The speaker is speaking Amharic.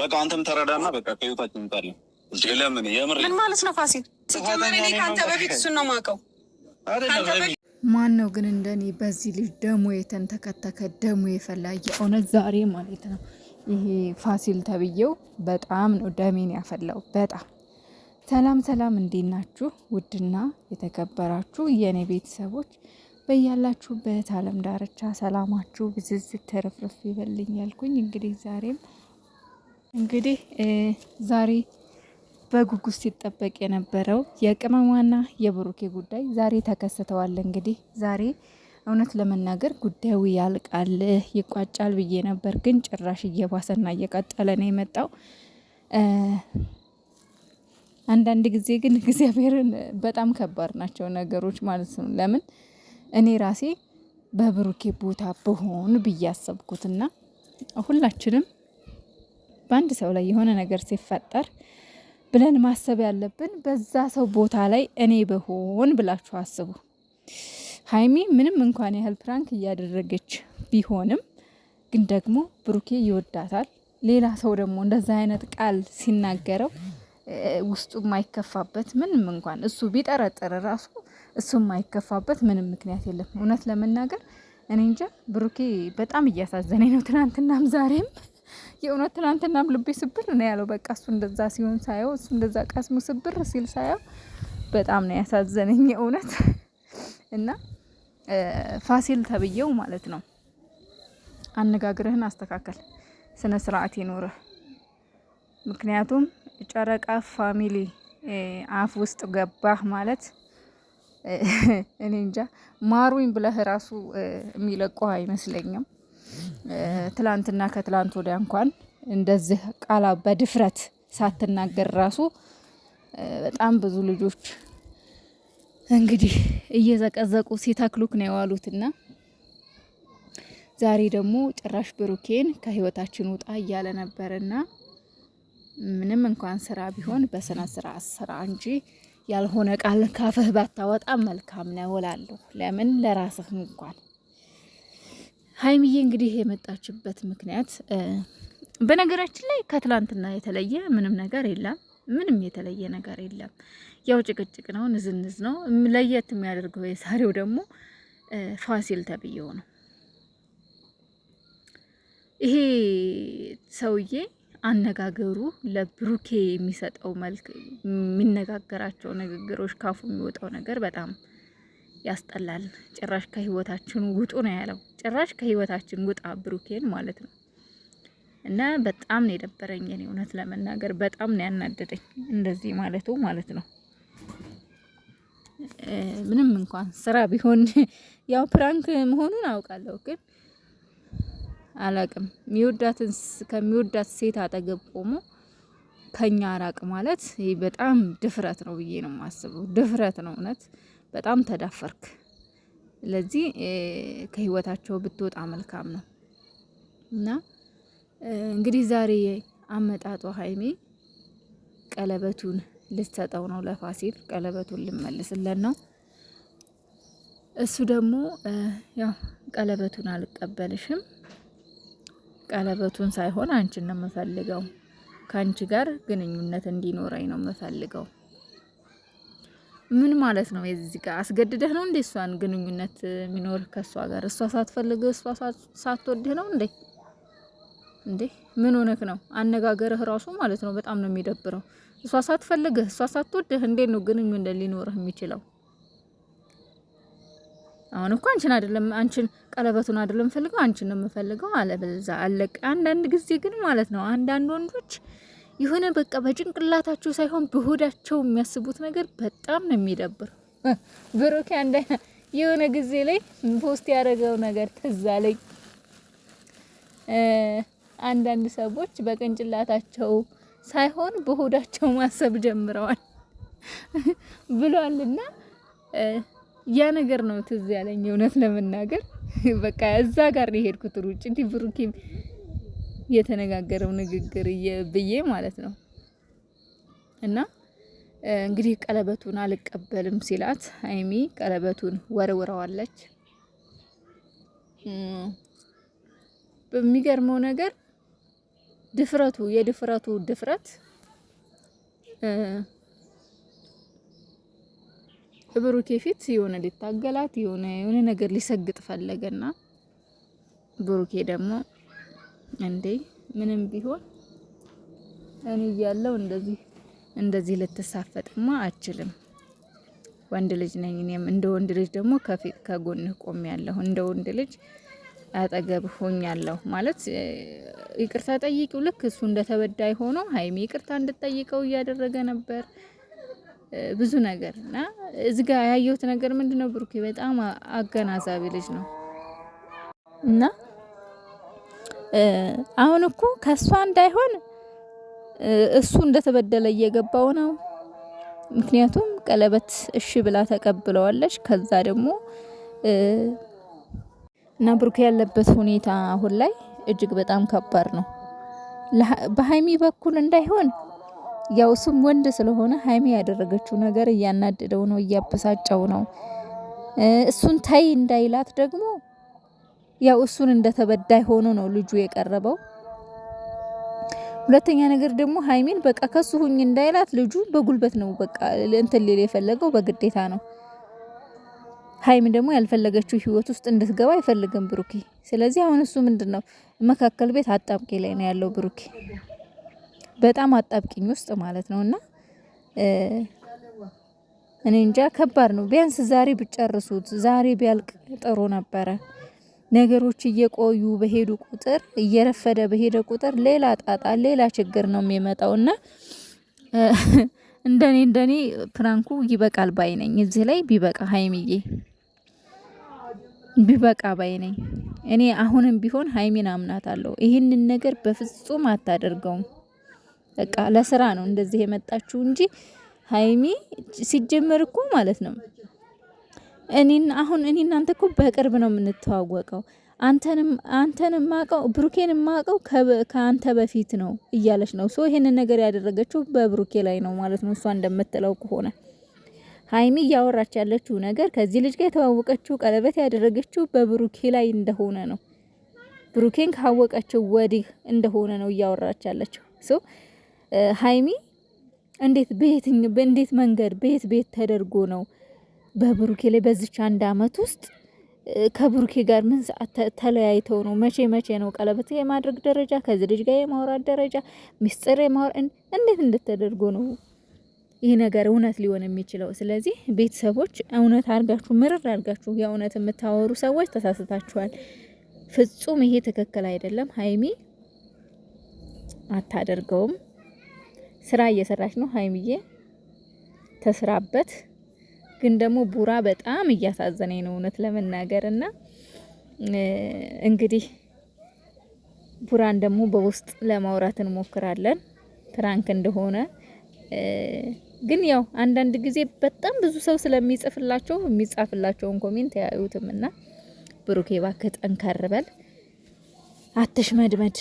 በቃ አንተም ተረዳና በቃ ከህይወታችን እንጣለን። ለምን የምር ምን ማለት ነው? ፋሲል ሲጀመር እኔ ከአንተ በፊት እሱን ነው የማውቀው። ማን ነው ግን እንደኔ በዚህ ልጅ ደሞ የተንተከተከ ደሞ የፈላ የእውነት ዛሬ ማለት ነው ይሄ ፋሲል ተብዬው በጣም ነው ደሜን ያፈላው። በጣም ሰላም ሰላም፣ እንዴት ናችሁ? ውድና የተከበራችሁ የእኔ ቤተሰቦች በያላችሁበት አለም ዳርቻ ሰላማችሁ ብዝዝት ተረፍረፍ ይበልኝ ያልኩኝ እንግዲህ ዛሬም እንግዲህ ዛሬ በጉጉት ሲጠበቅ የነበረው የቅመሟና የብሩኬ ጉዳይ ዛሬ ተከስተዋል። እንግዲህ ዛሬ እውነት ለመናገር ጉዳዩ ያልቃል ይቋጫል ብዬ ነበር፣ ግን ጭራሽ እየባሰና እየቀጠለ ነው የመጣው። አንዳንድ ጊዜ ግን እግዚአብሔርን በጣም ከባድ ናቸው ነገሮች ማለት ነው። ለምን እኔ ራሴ በብሩኬ ቦታ ብሆን ብዬ አሰብኩትና ሁላችንም በአንድ ሰው ላይ የሆነ ነገር ሲፈጠር ብለን ማሰብ ያለብን በዛ ሰው ቦታ ላይ እኔ በሆን ብላችሁ አስቡ። ሀይሚ ምንም እንኳን ያህል ፕራንክ እያደረገች ቢሆንም ግን ደግሞ ብሩኬ ይወዳታል። ሌላ ሰው ደግሞ እንደዛ አይነት ቃል ሲናገረው ውስጡ የማይከፋበት ምንም እንኳን እሱ ቢጠረጠረ ራሱ እሱ የማይከፋበት ምንም ምክንያት የለም። እውነት ለመናገር እኔ እንጃ ብሩኬ በጣም እያሳዘነኝ ነው፣ ትናንትናም ዛሬም የእውነት ትናንትናም ልቤ ስብር ነው ያለው። በቃ እሱ እንደዛ ሲሆን ሳየው እሱ እንደዛ ቀስሙ ስብር ሲል ሳየው በጣም ነው ያሳዘነኝ የእውነት እና ፋሲል ተብዬው ማለት ነው አነጋግርህን አስተካከል፣ ስነ ስርዓት ይኖርህ። ምክንያቱም ጨረቃ ፋሚሊ አፍ ውስጥ ገባህ ማለት እኔ እንጃ ማሩኝ ብለህ ራሱ የሚለቁህ አይመስለኝም። ትላንትና ከትላንት ወዲያ እንኳን እንደዚህ ቃላ በድፍረት ሳትናገር ራሱ በጣም ብዙ ልጆች እንግዲህ እየዘቀዘቁ ሲተክሉክ ነው የዋሉትና ዛሬ ደግሞ ጭራሽ ብሩኬን ከህይወታችን ውጣ እያለ ነበርና ምንም እንኳን ስራ ቢሆን በስነ ስራ ስራ እንጂ ያልሆነ ቃል ካፍህ ባታወጣ መልካም ነው እላለሁ። ለምን ለራስህ እንኳን ሀይሚዬ እንግዲህ የመጣችበት ምክንያት በነገራችን ላይ ከትላንትና የተለየ ምንም ነገር የለም። ምንም የተለየ ነገር የለም። ያው ጭቅጭቅ ነው፣ ንዝንዝ ነው። ለየት የሚያደርገው የዛሬው ደግሞ ፋሲል ተብዬው ነው። ይሄ ሰውዬ አነጋገሩ ለብሩኬ የሚሰጠው መልክ፣ የሚነጋገራቸው ንግግሮች፣ ካፉ የሚወጣው ነገር በጣም ያስጠላል። ጭራሽ ከህይወታችን ውጡ ነው ያለው። ጭራሽ ከህይወታችን ውጣ ብሩኬን ማለት ነው። እና በጣም ነው የደበረኝ እኔ እውነት ለመናገር በጣም ነው ያናደደኝ እንደዚህ ማለቱ ማለት ነው። ምንም እንኳን ስራ ቢሆን ያው ፕራንክ መሆኑን አውቃለሁ፣ ግን አላቅም የሚወዳትን ከሚወዳት ሴት አጠገብ ቆሞ ከኛ ራቅ ማለት ይህ በጣም ድፍረት ነው ብዬ ነው የማስበው። ድፍረት ነው እውነት። በጣም ተዳፈርክ። ስለዚህ ከህይወታቸው ብትወጣ መልካም ነው እና እንግዲህ ዛሬ አመጣጧ ሀይሚ ቀለበቱን ልትሰጠው ነው ለፋሲል ቀለበቱን ልመልስለን ነው። እሱ ደግሞ ያው ቀለበቱን አልቀበልሽም፣ ቀለበቱን ሳይሆን አንቺን ነው የምፈልገው፣ ከአንቺ ጋር ግንኙነት እንዲኖረኝ ነው የምፈልገው ምን ማለት ነው? የዚህ ጋር አስገድደህ ነው እንዴ እሷን ግንኙነት የሚኖርህ ከእሷ ጋር? እሷ ሳትፈልግህ እሷ ሳትወድህ ነው እንዴ? እንዴ ምን ሆነህ ነው? አነጋገርህ ራሱ ማለት ነው በጣም ነው የሚደብረው። እሷ ሳትፈልግህ እሷ ሳትወድህ እንዴት ነው ግንኙነት ሊኖርህ የሚችለው? አሁን እኮ አንቺን አይደለም አንቺን ቀለበቱን አይደለም ፈልገው አንቺን ነው የምፈልገው አለ በዛ አለቀ። አንዳንድ ጊዜ ግን ማለት ነው አንዳንድ ወንዶች የሆነ በቃ በጭንቅላታቸው ሳይሆን በሆዳቸው የሚያስቡት ነገር በጣም ነው የሚደብር። ብሩክ አንደ የሆነ ጊዜ ላይ ፖስት ያደረገው ነገር ትዝ አለኝ። አንዳንድ ሰዎች በቅንጭላታቸው ሳይሆን በሆዳቸው ማሰብ ጀምረዋል ብሏልና ያ ነገር ነው ትዝ ያለኝ። እውነት ለመናገር በቃ እዛ ጋር ነው የሄድኩት ሩጭ እንዲህ ብሩኬም የተነጋገረው ንግግር ብዬ ማለት ነው። እና እንግዲህ ቀለበቱን አልቀበልም ሲላት ሀይሚ ቀለበቱን ወርውረዋለች። በሚገርመው ነገር ድፍረቱ የድፍረቱ ድፍረት ብሩኬ ፊት የሆነ ሊታገላት የሆነ የሆነ ነገር ሊሰግጥ ፈለገና ብሩኬ ደግሞ እንዴ ምንም ቢሆን እኔ እያለው እንደዚህ እንደዚህ ልትሳፈጥማ አችልም። ወንድ ልጅ ነኝ እኔም እንደ ወንድ ልጅ ደግሞ ከፊት ከጎንህ ቆም ያለሁ እንደ ወንድ ልጅ አጠገብ ሆኛለሁ ማለት ይቅርታ ጠይቂው። ልክ እሱ እንደ ተበዳይ ሆኖ ሀይሚ ይቅርታ እንድጠይቀው እያደረገ ነበር ብዙ ነገር እና እዚህ ጋር ያየሁት ነገር ምንድነው፣ ብሩኬ በጣም አገናዛቢ ልጅ ነው እና አሁን እኮ ከእሷ እንዳይሆን እሱ እንደተበደለ እየገባው ነው። ምክንያቱም ቀለበት እሺ ብላ ተቀብለዋለች። ከዛ ደግሞ እና ብሩክ ያለበት ሁኔታ አሁን ላይ እጅግ በጣም ከባድ ነው። በሀይሚ በኩል እንዳይሆን ያው እሱም ወንድ ስለሆነ ሀይሚ ያደረገችው ነገር እያናደደው ነው፣ እያበሳጨው ነው። እሱን ታይ እንዳይላት ደግሞ ያው እሱን ተበዳይ ሆኖ ነው ልጁ የቀረበው። ሁለተኛ ነገር ደግሞ ሀይሚን በቃ ከሱ ሁኝ እንዳይላት ልጁ በጉልበት ነው በቃ እንትን ሊል የፈለገው በግዴታ ነው። ሀይሚ ደግሞ ያልፈለገችው ህይወት ውስጥ እንድትገባ አይፈልግም ብሩኬ። ስለዚህ አሁን እሱ ምንድን ነው መካከል ቤት አጣብቂ ላይ ነው ያለው ብሩኬ፣ በጣም አጣብቂኝ ውስጥ ማለት ነው። እና እኔ እንጃ ከባድ ነው። ቢያንስ ዛሬ ብጨርሱት ዛሬ ቢያልቅ ጥሩ ነበረ። ነገሮች እየቆዩ በሄዱ ቁጥር እየረፈደ በሄደ ቁጥር ሌላ ጣጣ፣ ሌላ ችግር ነው የሚመጣው እና እንደኔ እንደኔ ፕራንኩ ይበቃል ባይ ነኝ። እዚህ ላይ ቢበቃ ሀይሚዬ ቢበቃ ባይ ነኝ። እኔ አሁንም ቢሆን ሀይሚን አምናታለሁ። ይህንን ነገር በፍጹም አታደርገውም። በቃ ለስራ ነው እንደዚህ የመጣችሁ እንጂ ሀይሚ ሲጀመር እኮ ማለት ነው እኔን አሁን እኔ እናንተ እኮ በቅርብ ነው የምንተዋወቀው። አንተን ማቀው ብሩኬን ማቀው ከአንተ በፊት ነው እያለች ነው። ሶ ይሄንን ነገር ያደረገችው በብሩኬ ላይ ነው ማለት ነው። እሷ እንደምትለው ከሆነ ሀይሚ እያወራች ያለችው ነገር ከዚህ ልጅ ጋር የተዋወቀችው ቀለበት ያደረገችው በብሩኬ ላይ እንደሆነ ነው። ብሩኬን ካወቀችው ወዲህ እንደሆነ ነው እያወራች ያለችው። ሶ ሀይሚ እንዴት በየትኛው እንዴት መንገድ በየት ቤት ተደርጎ ነው በብሩኬ ላይ በዚች አንድ አመት ውስጥ ከብሩኬ ጋር ምን ሰዓት ተለያይተው ነው? መቼ መቼ ነው ቀለበት የማድረግ ደረጃ፣ ከዚህ ልጅ ጋር የማውራት ደረጃ፣ ሚስጥር የማውራት እንዴት እንደተደርጎ ነው ይህ ነገር እውነት ሊሆን የሚችለው? ስለዚህ ቤተሰቦች እውነት አድርጋችሁ ምርር አድርጋችሁ የእውነት የምታወሩ ሰዎች ተሳስታችኋል። ፍጹም ይሄ ትክክል አይደለም። ሀይሚ አታደርገውም። ስራ እየሰራች ነው ሀይሚዬ፣ ተስራበት። ግን ደግሞ ቡራ በጣም እያሳዘነኝ ነው እውነት ለመናገር እና እንግዲህ ቡራን ደግሞ በውስጥ ለማውራት እንሞክራለን ፕራንክ እንደሆነ ግን ያው አንዳንድ ጊዜ በጣም ብዙ ሰው ስለሚጽፍላቸው የሚጻፍላቸውን ኮሜንት ያዩትም እና ብሩኬ እባክህ ጠንከር በል አትሽመድመድ